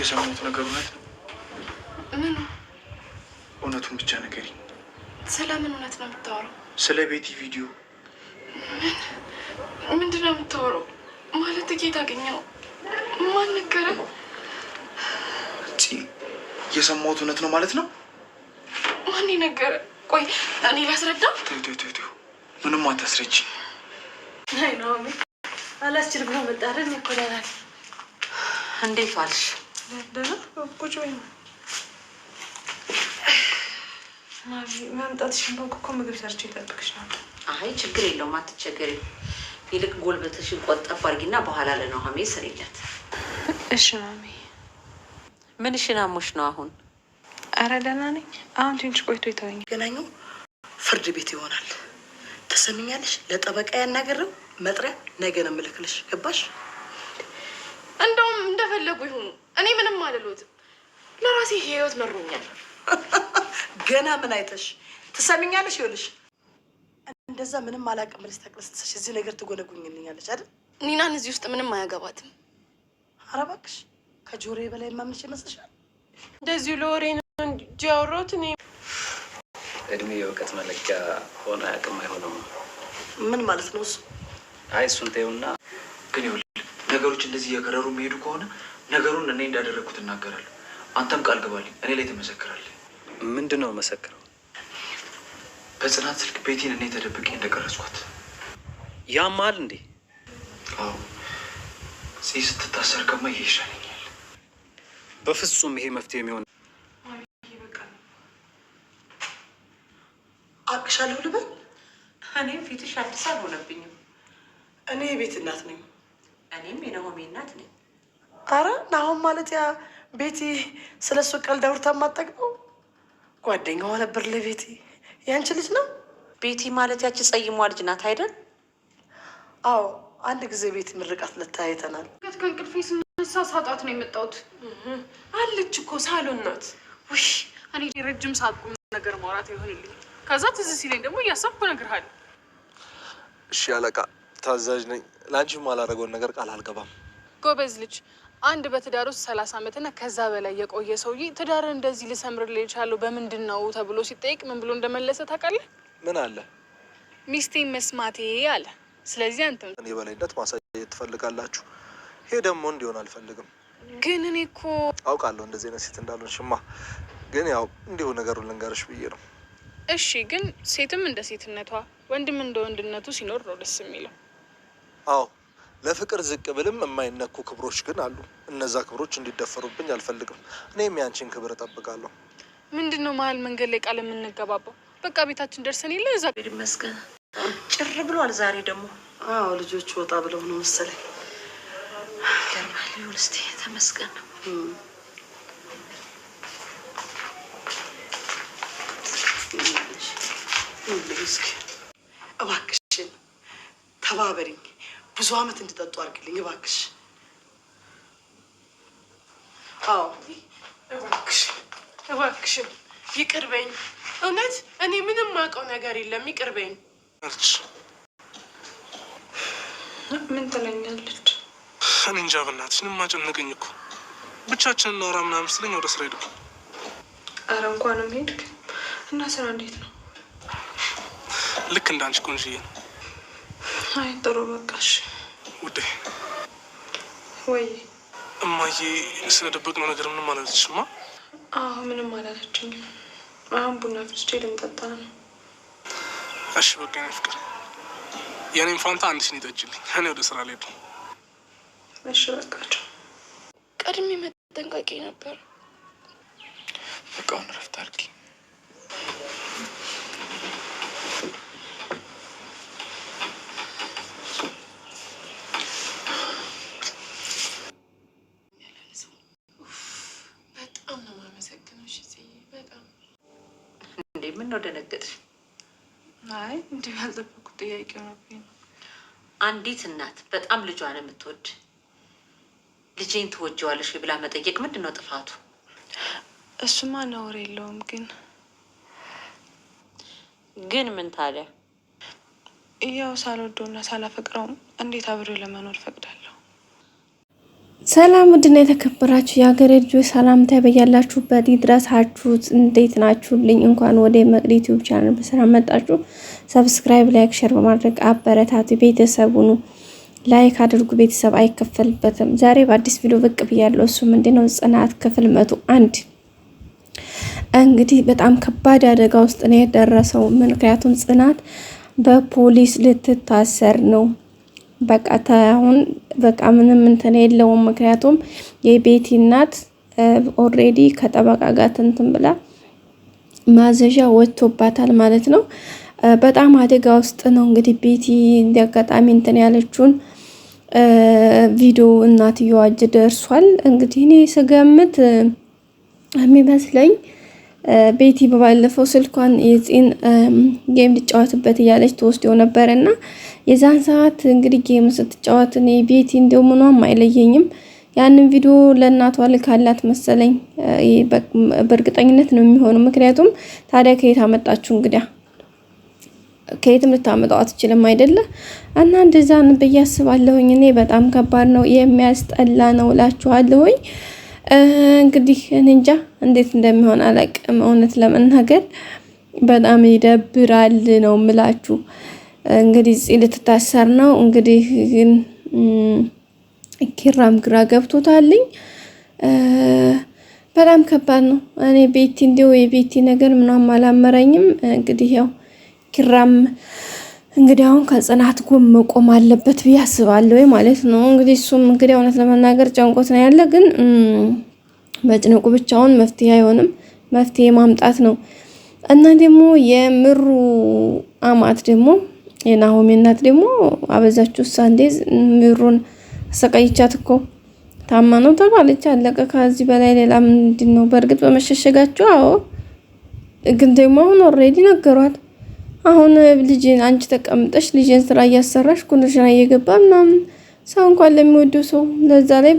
የሰሙት ነገር እውነት ነው? ምኑ? እውነቱን ብቻ ነገሪ። ስለምን እውነት ነው የምታወራው? ስለ ቤቲ ቪዲዮ። ምን ምንድን ነው የምታወራው? ማለት ጌት አገኘው ማን ነገረ? የሰማሁት እውነት ነው ማለት ነው? ማን ነገረ? ቆይ እኔ ላስረዳ። ምንም አታስረጂ። አላስችል ብሎ መጣረን ይኮላላል። እንዴት ዋልሽ? ቁጭ በይ መምጣትሽን በእኮ እኮ ምግብ ሰርቼ ይጠብቅሽ ነው። አይ ችግር የለውም አትቸገሪ። ይልቅ ጎልበትሽን ቆጠብ አድርጊና በኋላ ለኑሃሜ ስሪለት። እሺ ማሜ። ምንሽን አሞሽ ነው አሁን? አረ ደህና ነኝ። አሁን ትንሽ ቆይቶ ይተወኛል። ገናኙ ፍርድ ቤት ይሆናል። ትሰሚኛለሽ? ለጠበቃ ያናገረው መጥሪያ ነገ ነው የምልክልሽ። ገባሽ? እንደውም እንደፈለጉ ይሁኑ። እኔ ምንም አልሎትም። ለራሴ ህይወት መሮኛል። ገና ምን አይተሽ ትሰሚኛለሽ? ይኸውልሽ እንደዛ ምንም አላውቅም ብለሽ ተቅለስትሰሽ እዚህ ነገር ትጎነጉኝልኛለች አይደል? ኒናን እዚህ ውስጥ ምንም አያገባትም። ኧረ እባክሽ ከጆሮዬ በላይ የማምንሽ ይመስልሻል? እንደዚሁ ለወሬ ነው እንጂ ያወራሁት እኔ እድሜ የእውቀት መለኪያ ሆነ አያውቅም አይሆንም። ምን ማለት ነው እሱ? አይ እሱን ተይውና ግን ነገሮች እንደዚህ እየከረሩ የሚሄዱ ከሆነ ነገሩን እኔ እንዳደረግኩት እናገራለሁ። አንተም ቃል ግባልኝ፣ እኔ ላይ ትመሰክራለህ። ምንድን ነው መሰክረው? በጽናት ስልክ ቤቴን እኔ ተደብቄ እንደቀረጽኳት። ያማል እንዴ? አዎ፣ ጽ ስትታሰር ከማ ይሄ ይሻለኛል። በፍጹም ይሄ መፍትሄ የሚሆን አቅሻለሁ ልበል። እኔም ፊትሽ አዲስ አልሆነብኝም። እኔ የቤት እናት ነኝ። እኔም የነሆሜ እናት ነኝ። አረ ናሆም ማለት ያ ቤቲ ስለ እሱ ቀልድ አውርታ የማጠግበው ጓደኛዋ ነበር ለቤቲ። ያንቺ ልጅ ነው ቤቲ ማለት ያቺ ጸይሟ ልጅ ናት አይደል? አዎ አንድ ጊዜ ቤት ምርቃት ልታይተናል። ከእንቅልፌ ስነሳ ሳጣት ነው የመጣሁት። አለች እኮ ሳሎን ናት። ውይ እኔ ረጅም ሳቁም ነገር ማውራት ይሆንልኝ። ከዛ ትዝ ሲለኝ ደግሞ እያሰብኩ እነግርሃለሁ። እሺ አለቃ ታዛዥ ነኝ። ለአንቺ የማላደርገውን ነገር ቃል አልገባም። ጎበዝ ልጅ አንድ በትዳር ውስጥ ሰላሳ ዓመትና ከዛ በላይ የቆየ ሰውዬ ትዳር እንደዚህ ልሰምርልህ የቻለው በምንድን ነው ተብሎ ሲጠይቅ ምን ብሎ እንደመለሰ ታውቃለህ? ምን አለ? ሚስቴን መስማቴ አለ። ስለዚህ አንተ እኔ የበላይነት ማሳየት ትፈልጋላችሁ። ይሄ ደግሞ እንዲሆን አልፈልግም። ግን እኔ እኮ አውቃለሁ እንደዚህ አይነት ሴት እንዳለን ሽማ፣ ግን ያው እንዲሁ ነገሩን ልንገርሽ ብዬ ነው። እሺ፣ ግን ሴትም እንደ ሴትነቷ ወንድም እንደ ወንድነቱ ሲኖር ነው ደስ የሚለው። አዎ ለፍቅር ዝቅ ብልም የማይነኩ ክብሮች ግን አሉ። እነዛ ክብሮች እንዲደፈሩብኝ አልፈልግም። እኔም ያንቺን ክብር እጠብቃለሁ። ምንድን ነው መሀል መንገድ ላይ ቃል የምንገባባው? በቃ ቤታችን ደርሰን የለ እዛ ይመስገን። ጭር ብሏል ዛሬ ደግሞ። አዎ ልጆች ወጣ ብለው ነው መሰለኝ። ገርማል ይሁን እስኪ ተመስገን ነው እባክሽን ተባበሪኝ ብዙ አመት እንድጠጡ አድርግልኝ እባክሽ። አዎ እባክሽ፣ እባክሽን ይቅርበኝ። እውነት እኔ ምንም አውቀው ነገር የለም ይቅርበኝ። ምን ትለኛለች? እኔ እንጃ በእናትሽ፣ ምንም አጨነቀኝ እኮ ብቻችን እናወራ ምናምን ስትለኝ ወደ ስራ ሄድኩ። አረ እንኳንም ሄድክ እና ስራ እንዴት ነው? ልክ እንዳንቺ ቆንጅዬ ነው አይ ጥሩ በቃሽ። ውዴ ወይ እማዬ ስለደበቅነው ነገር ምንም አላለችሽማ? አዎ ምንም አላለችኝም። አሁን ቡና ፍልቼ ልምጠጣ ነው። እሺ በቃ የእኔ ፍቅር፣ የኔም ፋንታ አንድ ሲኒ ጠጪልኝ። እኔ ወደ ስራ ልሄድ ነው። እሺ በቃቸው። ቀድሜ መጠንቀቂ ነበር። በቃ አሁን እረፍት አድርጊ። ምን ነው ደነገጥሽ? አይ እንዲሁ ያልጠበኩት ጥያቄ ሆነብኝ አንዲት እናት በጣም ልጇን የምትወድ ልጄን ትወጂዋለሽ ብላ መጠየቅ ምንድን ነው ጥፋቱ? እሱማ ነውር የለውም። ግን ግን ምን ታዲያ ያው ሳልወደውና ሳላፈቅረውም እንዴት አብሬ ለመኖር ፈቅዳለሁ? ሰላም ውድና የተከበራችሁ የሀገሬ ልጆች ሰላምታ በያላችሁበት ይድረሳችሁ። እንዴት ናችሁልኝ? እንኳን ወደ መቅድ ዩቲዩብ ቻናል በሰላም መጣችሁ። ሰብስክራይብ፣ ላይክ፣ ሼር በማድረግ አበረታቱ። ቤተሰቡኑ ላይክ አድርጉ። ቤተሰብ አይከፈልበትም። ዛሬ በአዲስ ቪዲዮ ብቅ ብያለሁ። እሱ ነው? ጽናት ክፍል መቶ አንድ እንግዲህ በጣም ከባድ አደጋ ውስጥ ነው የደረሰው። ምክንያቱም ጽናት በፖሊስ ልትታሰር ነው በቃ ታሁን በቃ ምንም እንትን የለውም። ምክንያቱም የቤቲ እናት ኦሬዲ ከጠበቃ ጋር ትንትን ብላ ማዘዣ ወጥቶባታል ማለት ነው። በጣም አደጋ ውስጥ ነው እንግዲህ ቤቲ እንዲያጋጣሚ እንትን ያለችውን ቪዲዮ እናትየዋ እጅ ደርሷል። እንግዲህ እኔ ስገምት የሚመስለኝ ቤቲ በባለፈው ስልኳን የፂን ጌም ልጫወትበት እያለች ተወስዶ ነበር እና የዛን ሰዓት እንግዲህ ጌም ስትጫወት እኔ ቤቲ እንደው ምኗም አይለየኝም። ያንን ቪዲዮ ለእናቷ ልካላት መሰለኝ፣ በእርግጠኝነት ነው የሚሆኑ። ምክንያቱም ታዲያ ከየት አመጣችሁ እንግዲያ ከየትም ልታመጣው አትችልም አይደለ? እና እንደዛን ብዬ አስባለሁኝ። እኔ በጣም ከባድ ነው፣ የሚያስጠላ ነው እላችኋለሁኝ። እንግዲህ እኔ እንጃ እንዴት እንደሚሆን አላቅም። እውነት ለመናገር በጣም ይደብራል ነው ምላችሁ። እንግዲህ ጽ ልትታሰር ነው እንግዲህ ግን ኪራም ግራ ገብቶታልኝ። በጣም ከባድ ነው። እኔ ቤቲ እንዲሁ የቤቲ ነገር ምናም አላመረኝም። እንግዲህ ያው ኪራም እንግዲህ አሁን ከጽናት ጎን መቆም አለበት ብዬ አስባለሁ ማለት ነው። እንግዲህ እሱም እንግዲህ እውነት ለመናገር ጨንቆት ነው ያለ፣ ግን መጭንቁ ብቻውን መፍትሄ አይሆንም። መፍትሄ ማምጣት ነው እና ደግሞ የምሩ አማት ደግሞ የናሆሚ እናት ደግሞ አበዛችሁ ሳንዴ ምሩን አሰቃይቻት እኮ ታማ ነው ተባለች፣ አለቀ። ከዚህ በላይ ሌላ ምንድን ነው? በእርግጥ በመሸሸጋችሁ። አዎ ግን ደግሞ አሁን ኦልሬዲ ነገሯል። አሁን ልጅን አንቺ ተቀምጠሽ ልጅን ስራ እያሰራሽ ኩንሽና እየገባ ምናምን ሰው እንኳን ለሚወደው ሰው ለዛ ላይ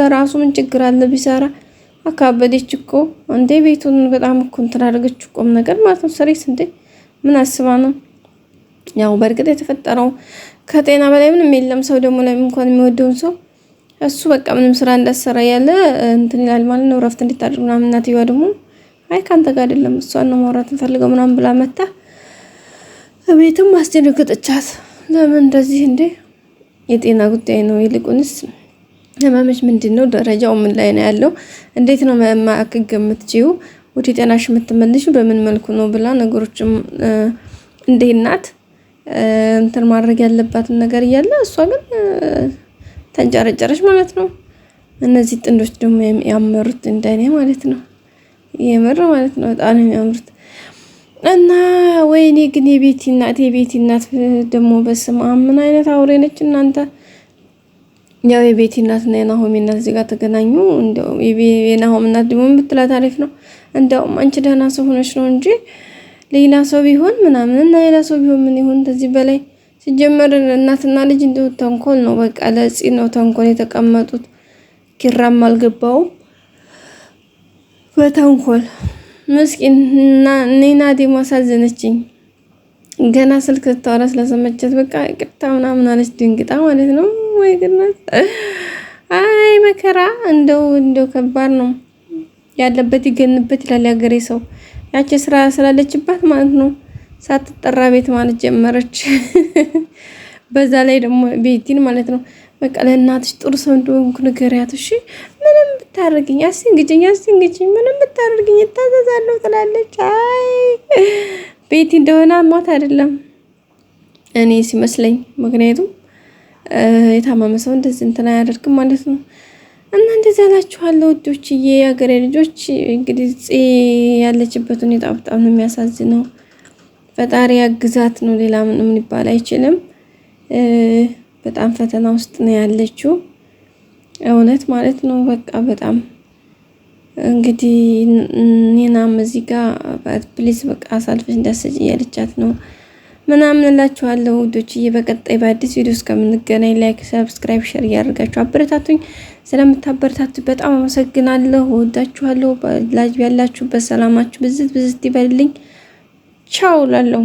ለራሱ ምን ችግር አለ ቢሰራ። አካበደች እኮ እንዴ ቤቱን በጣም እኮ እንትን አድርገች ነገር ማለት ነው። ሰሪስ እንዴ ምን አስባ ነው? ያው በእርግጥ የተፈጠረው ከጤና በላይ ምንም የለም። ሰው ደግሞ ለምን እንኳን የሚወደውን ሰው እሱ በቃ ምንም ስራ እንዳሰራ ያለ እንትን ይላል ማለት ነው። እረፍት እንድታደርግ ምናምን እናትየዋ ደግሞ አይ ካንተ ጋር አይደለም እሷን ነው ማውራት እንፈልገው ምናምን ብላ መታ እቤትም አስደነግጠቻት። ለምን እንደዚህ እንዴ? የጤና ጉዳይ ነው። ይልቁንስ ህመምሽ ምንድን ነው? ደረጃው ምን ላይ ነው ያለው? እንዴት ነው መማከግ የምትችዩ? ወደ ጤናሽ የምትመልሹ በምን መልኩ ነው ብላ ነገሮችም እንዴት ናት እንትን ማድረግ ያለባትን ነገር እያለ እሷ ግን ተንጨረጨረች ማለት ነው። እነዚህ ጥንዶች ደግሞ ያመሩት እንደኔ ማለት ነው። የምር ማለት ነው። በጣም የሚያምሩት እና ወይኔ ግን የቤቲ እናት የቤቲ እናት ደግሞ ምን አይነት አውሬ ነች እናንተ። ያው የቤቲ እናት እና የናሆም እናት እዚህ ጋር ተገናኙ። የናሆም እናት ደግሞ የምትላት አሪፍ ነው። እንደውም አንቺ ደህና ሰው ሆነች ነው እንጂ ሌላ ሰው ቢሆን ምናምን እና ሌላ ሰው ቢሆን ምን ይሆን ከዚህ በላይ ሲጀመር እናትና ልጅ እንደው ተንኮል ነው። በቃ ለጺ ነው ተንኮል የተቀመጡት። ኪራም አልገባውም በተንኮል ምስኪን ናዲ አሳዘነችኝ ገና ስልክ ስታወራ ስለሰመቸት በቃ ቅርታ ምናምን አለች፣ ድንግጣ ማለት ነው። ወይ ግናት አይ መከራ፣ እንደው እንደው ከባድ ነው ያለበት ይገንበት ይላል ያገሬ ሰው። ያቺ ስራ ስላለችባት ማለት ነው ሳትጠራ ቤት ማለት ጀመረች። በዛ ላይ ደግሞ ቤቲን ማለት ነው በቃ ለእናትሽ ጥሩ ሰው እንደሆንኩ ንገሪያት እሺ፣ ምንም ታደርግኝ፣ አስንግጭኝ፣ አስንግጭኝ፣ ምንም ምታደርግኝ እታዘዛለሁ ትላለች። አይ ቤቲ እንደሆነ አሟት አይደለም እኔ ሲመስለኝ፣ ምክንያቱም የታመመ ሰው እንደዚህ እንትን አያደርግም ማለት ነው። እና እንደዚህ ያላችኋለሁ ውዶችዬ፣ የሀገሬ ልጆች እንግዲህ ያለችበት ሁኔታ በጣም ነው የሚያሳዝነው። ፈጣሪ ያግዛት ነው፣ ሌላ ምንም ሊባል አይችልም። በጣም ፈተና ውስጥ ነው ያለችው። በእውነት ማለት ነው። በቃ በጣም እንግዲህ ኔናም እዚህ ጋር ፕሊዝ በቃ አሳልፈሽ እንዳሰጭ እያለቻት ነው ምናምን እላችኋለሁ ውዶችዬ። በቀጣይ በአዲስ ቪዲዮ እስከምንገናኝ ላይክ፣ ሰብስክራይብ፣ ሸር እያደርጋችሁ አበረታቱኝ። ስለምታበረታቱ በጣም አመሰግናለሁ። ወዳችኋለሁ። ላጅ ያላችሁበት ሰላማችሁ ብዝት ብዝት ይበልልኝ። ቻው ላለሁ